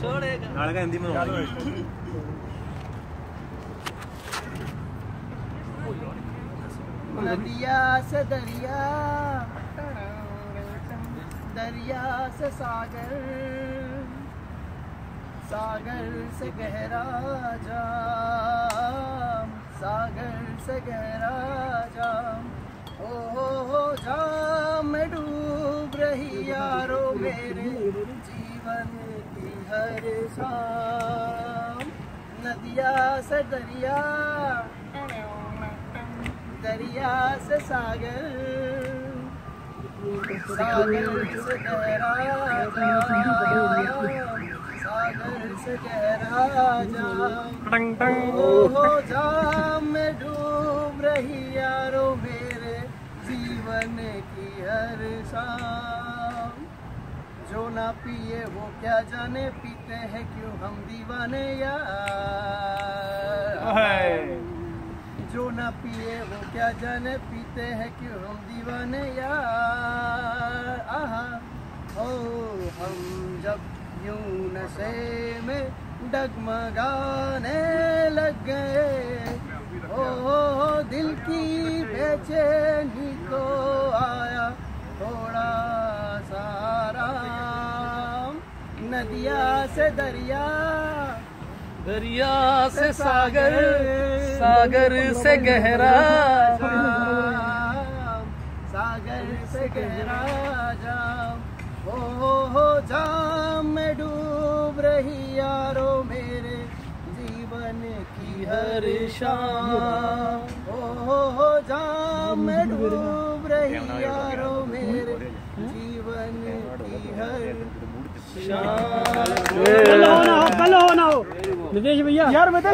छोड़ेगा दरिया से दरिया दरिया से सागर सागर से गहरा जाम सागर से गहरा जाम ओ हो हो जाम डूब रही यारो मेरे जीवन हर शाम नदिया से दरिया दरिया से सागर सागर से गहरा सागर से गहरा जाम हो जाम मैं डूब रही यारो मेरे जीवन की हर शाम जो ना पिए वो क्या जाने पीते हैं क्यों हम दीवाने यार जो ना पिए वो क्या जाने पीते हैं क्यों हम दीवाने यार आहा ओ हम जब यूं नशे में डगमगाने लग गए ओ, ओ दिल की बेचैनी को तो आया नदिया से दरिया दरिया से सागर सागर से गहरा सागर से गहरा जाम ओ हो जाम में डूब रही यारो मेरे जीवन की हर शाम ओ हो जाम में डूब रही यारो मेरे जीवन हेलो हेलो नितेश भैया यार बता